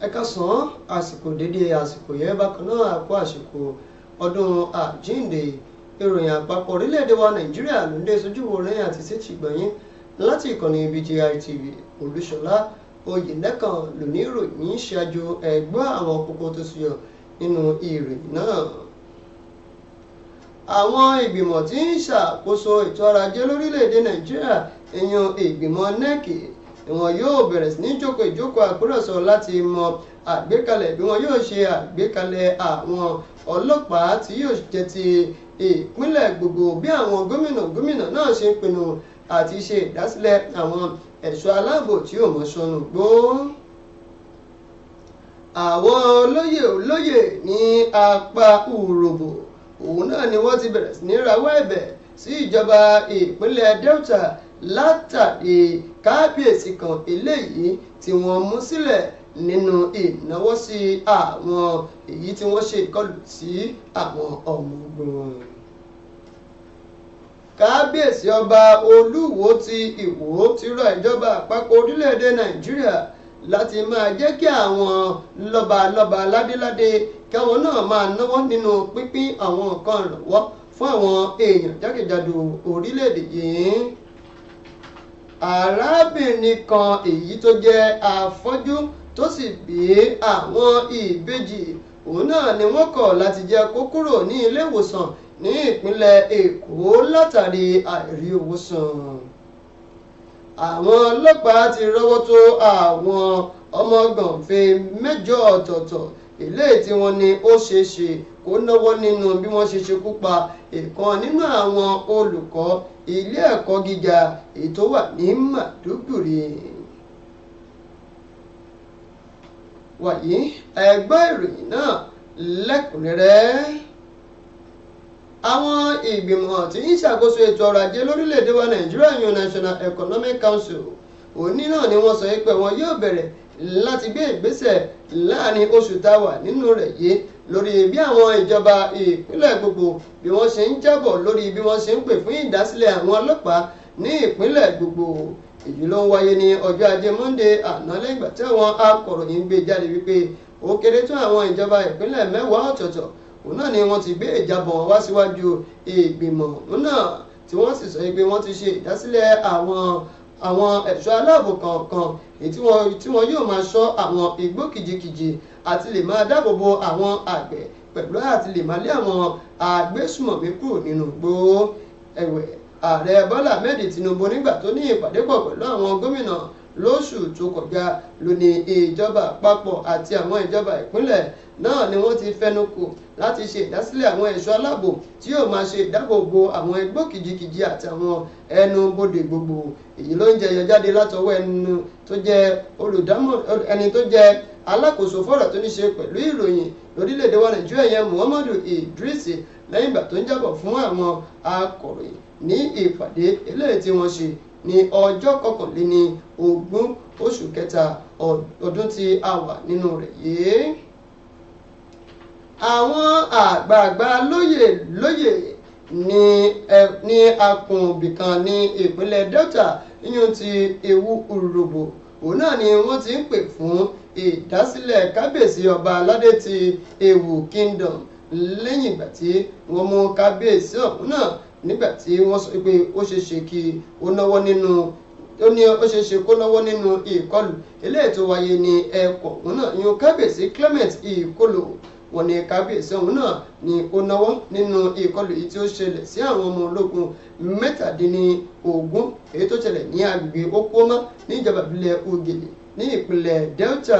ẹ káàsán àsìkò dédé àsìkò yẹn bákan náà àpò àsìkò ọdún àjíǹde ìròyìn àpapọ̀ orílẹ̀-èdè wa nàìjíríà ló ń dé sójú wo lẹ́yìn àti sétí gbọ̀nyìn láti ìkànnì BGI TV olúṣọlá oyinlẹ́kan lóní ìròyìn ṣáájú ẹgbọ́n àwọn kókó tó ṣúyọ nínú ìròyìn náà àwọn ìgbìmọ̀ tí ń ṣàkóso ètò ọrọ̀ ajé lórílẹ̀-èdè nàìjíríà ìyàn ìgbìmọ̀ nec wọn yóò bẹ̀rẹ̀ sí ní jókòó ìjókòó àkúrọ̀sọ láti mọ àgbékalẹ̀ bí wọn yóò ṣe àgbékalẹ̀ àwọn ọlọ́pàá tí yóò jẹ́ ti ìpínlẹ̀ gbogbo bí àwọn gómìnà gómìnà náà ṣe ń pinnu àti ṣe ìdásílẹ̀ àwọn ẹ̀ṣọ́ aláàbò tí yóò mọ̀ sọnù gbó. àwọn olóyè olóyè ní apá Urhobo òun náà ni wọ́n ti bẹ̀rẹ̀ sí ní rawọ́ ẹ̀bẹ̀ sí ìjọba ìpínlẹ̀ Delta látàrí kábíyèsí kan eléyìí tí wọ́n mú sílẹ̀ nínú ìnáwó sí àwọn èyí tí wọ́n ṣe ìkọlù sí àwọn ọmọ ogun kábíyèsí ọba olúwo ti ìwó ti rọ ìjọba àpapọ̀ orílẹ̀-èdè nàìjíríà láti máa jẹ́ kí àwọn lọ́balọ́ba ládéládé káwọn náà máa náwó nínú pínpín àwọn nǹkan ìrànwọ́ fún àwọn èèyàn jákèjádò orílẹ̀-èdè yìí arábìnrin kan èyí tó jẹ́ afọ́jú tó sì bí àwọn ìbejì òun náà ni wọ́n kọ̀ láti jẹ́ kó kúrò ní ilé ìwòsàn ní ìpínlẹ̀ Èkó látàrí àìrí owó san àwọn ọlọ́pàá ti rọ́wọ́ tó àwọn ọmọ gbọ̀nfẹ́ mẹ́jọ ọ̀tọ̀ọ̀tọ̀ eléyìí tí wọ́n ní ó ṣeé ṣe kó lọ́wọ́ nínú bí wọ́n ṣe ṣekú pa ìkan nínú àwọn olùkọ́ ilé ẹ̀kọ́ gíga ètò wà ní Màdúgùrí wàyí ẹgbẹ́ ìròyìn náà lẹ́kùnrẹ́rẹ́ àwọn ìgbìmọ̀ tí ń ṣàkóso ètò ọrọ̀ ajé lórílẹ̀‐èdè wa Nàìjíríà Union National Economic Council òní náà ni wọ́n sọ pé wọn yóò bẹ̀rẹ̀ láti gbé ìgbésẹ̀ láàrin oṣù tá a wà nínú rẹ̀ yìí lórí bí àwọn ìjọba ìpínlẹ̀ gbogbo bí wọ́n ṣe ń jábọ̀ lórí bí wọ́n ṣe ń pè fún ìdásílẹ̀ àwọn ọlọ́pàá ní ìpínlẹ̀ gbogbo èyí ló ń wáyé ní ọjọ́ ajé monde àná lẹ́yìn ìgbà tí àwọn akọ̀ròyìn gbé jáde wípé ó kéré tó àwọn ìjọba ìpínlẹ̀ mẹ́wàá ọ̀tọ̀ọ̀tọ̀ òun náà ni wọ́n ti gbé ìjábọ̀ wá síwájú ìgbìmọ̀ òun náà tí wọ́n sì sọ pé wọ́n ti ṣe ìdásílẹ̀ àwọn àwọn ẹ̀ṣọ́ aláàbò kọ̀ọ̀kan tí wọn yóò máa ṣọ́ àwọn igbó kìjikìji àti lè máa dáàbò bo àwọn àgbẹ̀ pẹ̀lú àti lè máa lé àwọn agbésùmọ̀mí kúrò nínú igbó ẹ̀wẹ̀ ààrẹ Bọ́lá Ahmed Tinubu nígbà tó ní ìpàdé pọ̀ pẹ̀lú àwọn gómìnà lóṣù tó kọjá ló ní ìjọba àpapọ̀ àti àwọn ìjọba ìpínlẹ̀ náà ni wọ́n ti fẹnu kò láti ṣe ìdásílẹ̀ àwọn ẹ̀ṣọ́ aláàbò tí yóò máa ṣe ìdáàbòbò àwọn ẹgbẹ́ òkìjìkìjì àti àwọn ẹnu bodè gbogbo èyí ló ń jẹyọ jáde látọwọ́ ẹnu tó jẹ́ olùdámọ̀ ẹni tó jẹ́ alákòóso fọ́rọ̀ tó ní ṣe pẹ̀lú ìròyìn lórílẹ̀‐èdè wa nàìjíríà yẹn muhammadu idris lẹ́yìn ìgbà tó ń jábọ̀ fún àwọn akọ̀ròyìn ní ìpàdé eléyìí tí wọ́n ṣe ní ọjọ́ kọkànléní ogún oṣù kẹta ọdún tí a wà nínú rẹ̀ yìí àwọn àgbààgbà lóyè lóyè ní ẹ ní akùnbì kan ní ìpínlẹ̀ Delta yíyún ti ewu urúbò òun náà ni wọ́n ti ń pè fún ìdásílẹ̀ kábíyèsí ọba aládé ti ewu kingdom lẹ́yìn ìgbà tí wọ́n mú kábíyèsí ọ̀hún náà nígbà tí wọ́n sọ pé ó ṣeé ṣe kí ó náwó nínú ó ní ó ṣeé ṣe kó náwó nínú ìkọlù eléyìí tó wáyé ní ẹ̀kọ́ òun náà yún kábíyèsí Clement ìkọlù wọ́n ní kábíyèsí ọ̀hún náà ni ó náwó nínú ìkọlù yìí tí ó ṣẹlẹ̀ sí àwọn ọmọ ológun mẹ́tàdínlógún èyí tó ṣẹlẹ̀ ní agbègbè okoma níjọba ìbílẹ̀ ogele ní ìpínlẹ̀ Delta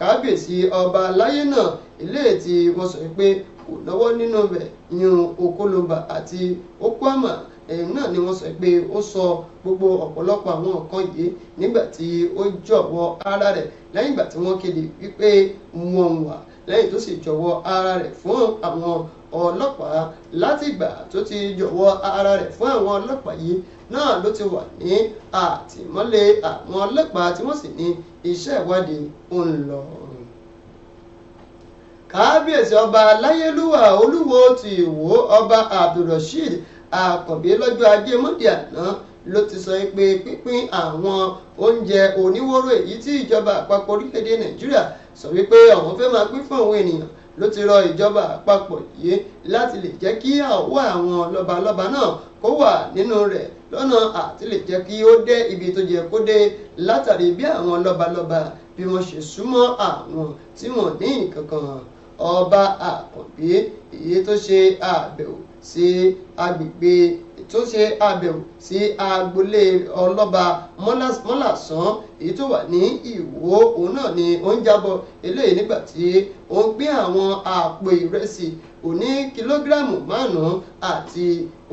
kábíyèsí ọba aláyé náà eléyìí tí wọ́n sọ pé kò lọ́wọ́ nínú rẹ̀ yan okoloba àti okwama ẹ̀yìn náà ni wọ́n sọ pé ó sọ gbogbo ọ̀pọ̀lọpọ̀ àwọn nǹkan yìí nígbà tí ó jọ̀wọ́ ara rẹ̀ lẹ́yìn ìgbà tí wọ́n kéde wípé wọ́n wà lẹ́yìn tó sì jọ̀wọ́ ara rẹ̀ fún àwọn ọlọ́pàá láti ìgbà tó ti jọ̀wọ́ ara rẹ̀ fún àwọn ọlọ́pàá yìí náà ló ti wà ní àtìmọ́lé àwọn ọlọ́pàá tí wọ́n sì ní iṣẹ́ ìwádìí ń lọ kábíyèsí ọba aláyélúwà olúwo ti wo ọba abdulrasheed àkànbí lọ́jọ́ ajé monde àná ló ti sọ pé pínpín àwọn oúnjẹ oníwóró èyí tí ìjọba àpapọ̀ orílẹ̀-èdè nàìjíríà sọ wípé àwọn fẹ́ máa pín fún àwọn ènìyàn ló ti rọ ìjọba àpapọ̀ yìí láti lè jẹ́ kí àwọ̀ àwọn lọ́balọ́ba náà kó wà nínú rẹ̀ lọ́nà àti lè jẹ́ kí ó dé ibi tó yẹ kó dé látàrí bí àwọn lọ́balọ́ba bí wọ́n ṣe súnmọ́ àwọn tí wọ́n ní nǹkan ọba àkànbí èyí tó ṣe àbẹ̀wò sí agbègbè tó ṣe àbẹ̀wò sí agboolé ọlọ́ba mọ́làsán èyí tó wà ní ìwó òun náà ni ó ń jábọ̀ eléyìí nígbà tí ó ń gbé àwọn àpò ìrẹsì òní kìlógíráàmù márùn-ún àti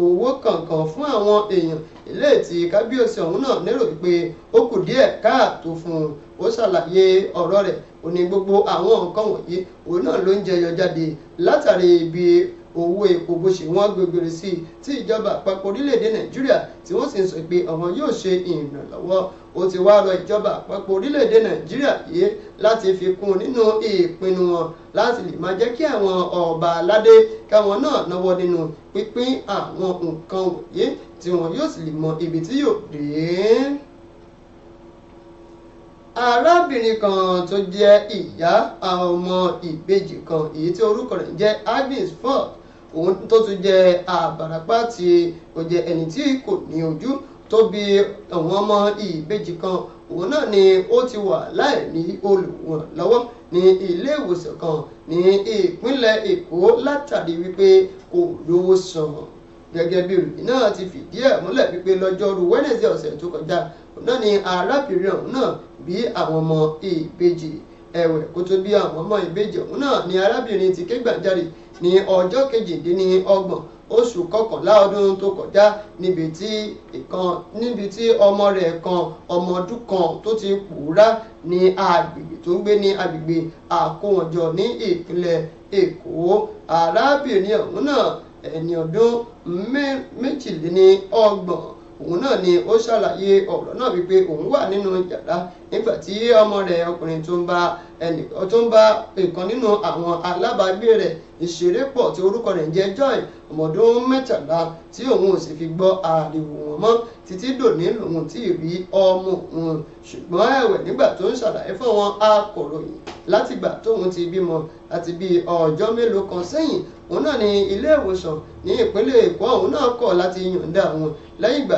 owó kankan fún àwọn èèyàn eléyìí tí kábíyèsí ọ̀hún náà lérò pé ó kù díẹ̀ káàtó fún un ó ṣàlàyé ọ̀rọ̀ rẹ̀ ó ní gbogbo àwọn nǹkan wọ̀nyí òun náà ló ń jẹyọ jáde látàrí ibi owó epo bó ṣe wọ́n gbogbo sí i tí ìjọba àpapọ̀ orílẹ̀-èdè nàìjíríà tí wọ́n sì ń sọ pé àwọn yóò ṣe ìrànlọ́wọ́ ó ti wá rọ ìjọba àpapọ̀ orílẹ̀-èdè nàìjíríà yìí láti fi kún nínú ìpinnu wọn láti lè máa jẹ́ kí àwọn ọba aládé káwọn náà náwó nínú pínpín àwọn nǹkan wọ̀nyí tí wọn yóò sì lè mọ ibi tí yóò dé arábìnrin kan tó jẹ́ ìyá ọmọ ìbejì kan èyí tí orúkọ rẹ̀ jẹ́ Agnes Ford òun tó tún jẹ́ àbàràpá tí kò jẹ́ ẹni tí kò ní ojú tó bí àwọn ọmọ ìbejì kan òun náà ni ó ti wà láìní olùrànlọ́wọ́ ní ilé ìwòsàn kan ní ìpínlẹ̀ Èkó látàrí wípé kò lówó san gẹ́gẹ́ bí ìròyìn náà ti fìdí ẹ̀ múlẹ̀ wípé lọ́jọ́rú Wednesday ọ̀sẹ̀ tó kọjá náà ni arábìnrin ọ̀hún náà bí àwọn ọmọ ìbejì ẹ̀wẹ̀ kó tó bí àwọn ọmọ ìbejì ọ̀hún náà ni arábìnrin ti ké gbàjarè ní ọjọ́ kejìdínlọ́gbọ̀n oṣù kọkànlá ọdún tó kọjá níbi tí ìkan níbi tí ọmọ rẹ̀ kan ọmọ ọdún kan tó ti pòórá ní agbègbè tó ń gbé ní agbègbè àkówọ̀njọ ní ìpínlẹ̀ Èkó arábìnrin ọ̀hún náà ẹni ọdún méjìléníọgbọ̀n òun náà ni ó ṣàlàyé ọ̀rọ̀ náà wípé òun wà nínú yàrá nígbà tí ọmọ rẹ̀ ọkùnrin tó ń bá ẹnìkan tó ń bá ìkan nínú àwọn alábàágbé rẹ̀ ìṣeré pọ̀ tí orúkọ rẹ̀ ń jẹ́ Joy ọmọdún mẹ́tàlá tí òun ò sì fi gbọ́ ariwo wọn mọ́ títí dòní lòun tí ì rí ọmọ òun ṣùgbọ́n ẹ̀wẹ̀ nígbà tó ń ṣàlàyé fáwọn akọ̀ròyìn látìgbà tóun ti bímọ àti bíi ọjọ́ mélòó kan sẹ́yìn òun náà ní ilé ìwòsàn ní ìpínlẹ̀ Èkó òun náà kọ̀ láti yọ̀ǹda àwọn lẹ́yìn ìgbà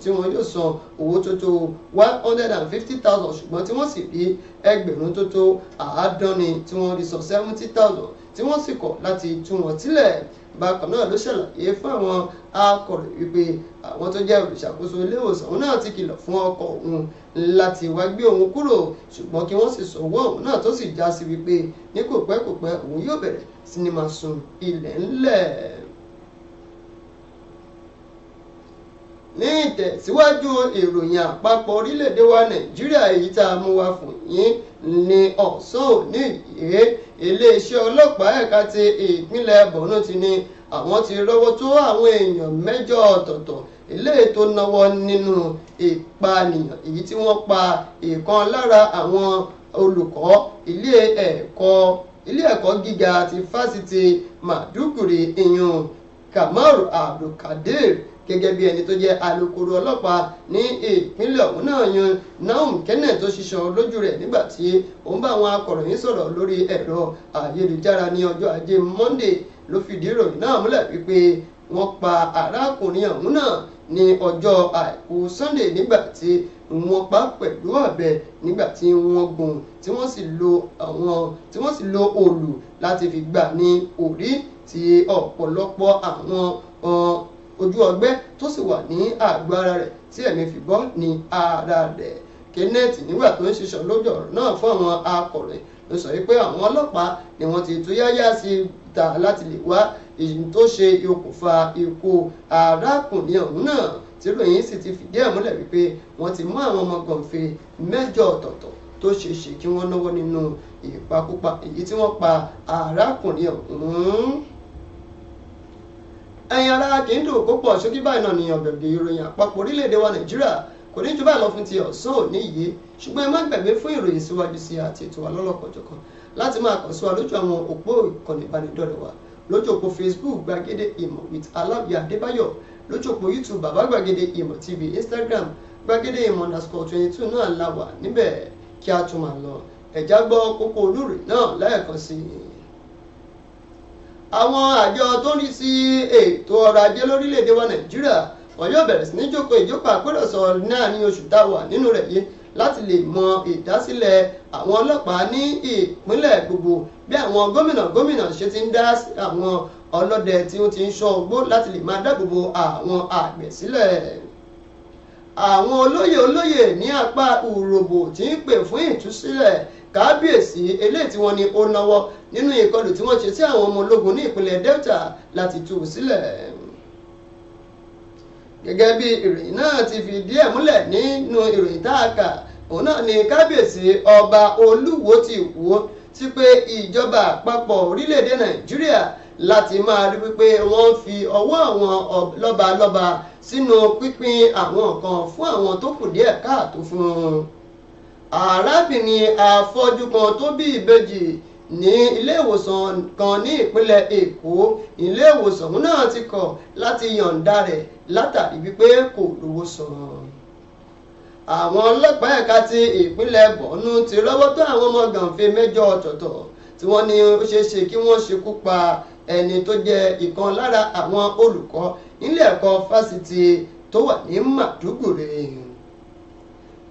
tí wọ́n yóò san owó tó tó one hundred and fifty thousand ṣùgbọ́n tí wọ́n sì rí ẹgbẹ̀rún tó tó àádọ́ni tí wọ́n rí sọ seventy thousand tí wọ́n sì kọ̀ láti tú wọn sílẹ̀ bákan náà ló ṣàlàyé fún àwọn akọ̀ròyìn wípé àwọn tó jẹ́ olùṣàkóso ilé òun náà ti kìlọ̀ fún ọkọ̀ òun láti wá gbé òun kúrò ṣùgbọ́n kí wọ́n sì sọ̀wọ́ òun náà tó sì já sí wípé ní kò pẹ́ kò pẹ́ òun yóò bẹ̀rẹ̀ sinimá sun ilẹ̀ ńlẹ̀. ní ìtẹ̀síwájú ìròyìn àpapọ̀ orílẹ̀-èdè wa nàìjíríà èyí tá a mú wa fún yín ní ọ̀sán òní ìyé iléeṣẹ́ ọlọ́pàá ẹ̀ka ti ìpínlẹ̀ borno ti ní àwọn ti rọ́wọ́ tó àwọn èèyàn mẹ́jọ ọ̀tọ̀ọ̀tọ̀ eléyìí tó náwó nínú ìpànìyàn èyí tí wọ́n pa ìkan lára àwọn olùkọ́ ilé ẹ̀kọ́ ilé ẹ̀kọ́ gíga ti fásitì Maiduguri ìyún Kamaru Abdulkadir gẹ́gẹ́ bí ẹni tó jẹ́ alukoro ọlọ́pàá ní ìpínlẹ̀ ọ̀hún náà yan Nahum Kenneth tó ṣiṣọ lójú rẹ̀ nígbà tí òun bá àwọn akọ̀ròyìn sọ̀rọ̀ lórí ẹ̀rọ ayélujára ní ọjọ́ ajé Monday ló fìdí ìròyìn náà múlẹ̀ wípé wọ́n pa arákùnrin ọ̀hún náà ní ọjọ́ àìkú Sunday nígbà tí wọ́n pa pẹ̀lú ọ̀bẹ nígbà tí wọ́n gún tí wọ́n sì lo òòlù láti fi gbà ní orí tí ọ̀pọ̀lọpọ̀ àwọn ojú ọgbẹ́ tó sì wà ní àgbo ara rẹ̀ tí ẹ̀mí fi bọ́ ní ara rẹ̀ kenneth nígbà tó ń ṣiṣọ́ lójú ọ̀rọ̀ náà fún àwọn akọ̀ròyìn ló sọ wípé àwọn ọlọ́pàá ni wọ́n ti tú yáyá sí ta láti lè wá èyí tó ṣe okùnfà ikú arákùnrin ọ̀hún náà tí ròyìn sì ti fìdí ẹ̀ múlẹ̀ wípé wọ́n ti mú àwọn ọmọ gànfẹ́ mẹ́jọ ọ̀tọ̀ọ̀tọ̀ tó ṣe é ṣe kí wọ́n náwó nínú ìpakúpa èyí tí wọ́n pa arákùnrin ọ̀hún ẹ̀yin ará kì í dùn kó pọ̀ sókè báyìí náà ni ọ̀gbẹ̀gbẹ̀ ìròyìn àpapọ̀ orílẹ̀-èdè wa nàìjíríà kò ní jù báyìí lọ fún ti ọ̀sán òní yìí ṣùgbọ́n ẹ má gbàgbé fún ìròyìn síwájú sí àti ètò wa lọ́lọ́kọ̀jọ̀kan láti máa kàn sí wa lójú àwọn òpó ìkànnì ìbánidọ́rẹ̀ wa lójú òpó facebook gbàgede ìmọ̀ with alábíà adébáyọ̀ lójú òpó youtube bàbá gbàgede ìmọ̀ tv instagram gbàgede ìmọ̀ underscore twenty two náà la wà níbẹ̀ kí a tún máa lọ ẹ̀já gbọ́ kókó olúre àwọn àjọ tó ń rí sí ètò ọrọ̀ ajé lórílẹ̀‐èdè wa nàìjíríà wọn yóò bẹ̀rẹ̀ sí ní jókòó ìjókòó àpéròsọ náà ní oṣù táwà nínú rẹ̀ yìí láti lè mọ ìdásílẹ̀ àwọn ọlọ́pàá ní ìpínlẹ̀ gbogbo bí àwọn gómìnà gómìnà ṣe ti ń dá àwọn ọlọ́dẹ tí ó ti ń ṣọ́ ogbó láti lè máa dáàbòbò àwọn àgbẹ̀ sílẹ̀ àwọn olóyè olóyè ní apá òròbó ti ń pè fún ìtúsílẹ̀ kábíyèsí eléyìí tí wọ́n ní ó náwó nínú ìkọlù tí wọ́n ṣe sí àwọn ọmọ ológun ní ìpínlẹ̀ Delta láti tú u sílẹ̀ gẹ́gẹ́ bí ìròyìn náà ti fi díẹ̀ múlẹ̀ nínú ìròyìn tá a kà òun náà ni kábíyèsí ọba Olúwo ti wò ó sí pé ìjọba àpapọ̀ orílẹ̀-èdè Nàìjíríà láti máa rí wípé wọ́n fi ọwọ́ àwọn lọ́balọ́ba sínú pípín àwọn nǹkan fún àwọn tó kù díẹ̀ káàtó fún un arábìnrin afọ́jú kan tó bí ìbejì ní ilé ìwòsàn kan ní ìpínlẹ̀ èkó ilé ìwòsàn náà ti kọ̀ láti yọ̀ǹda rẹ̀ látàrí wípé kò lówó san àwọn ọlọ́pàá ẹ̀ka ti ìpínlẹ̀ bọ̀nú ti rọ́wọ́ tó àwọn ọmọ gànfẹ́ mẹ́jọ ọ̀tọ̀ọ̀tọ̀ tí wọ́n ní ó ṣeé ṣe kí wọ́n ṣekú pa ẹni tó jẹ́ ìkan lára àwọn olùkọ́ nílé ẹ̀kọ́ fásitì tó wà ní màdúgùrè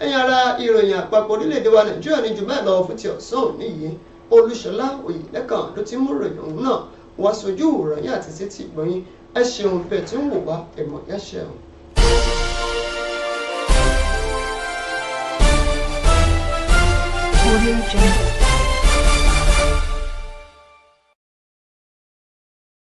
ẹ̀yin ara ìròyìn àpapọ̀ orílẹ̀-èdè wa nàìjíríà ní jù bẹ́ẹ̀ lọ fún ti ọ̀sán òní yìí olúṣọlá òyìnlẹ́kàn ló ti mú ìròyìn ọ̀hún náà wá sójú ìròyìn àti sétí ìgbọ̀nyìn ẹ ṣeun bẹ́ẹ̀ tí ń wò wá ẹ̀mọ̀ yẹn ṣeun. Audio Jungle.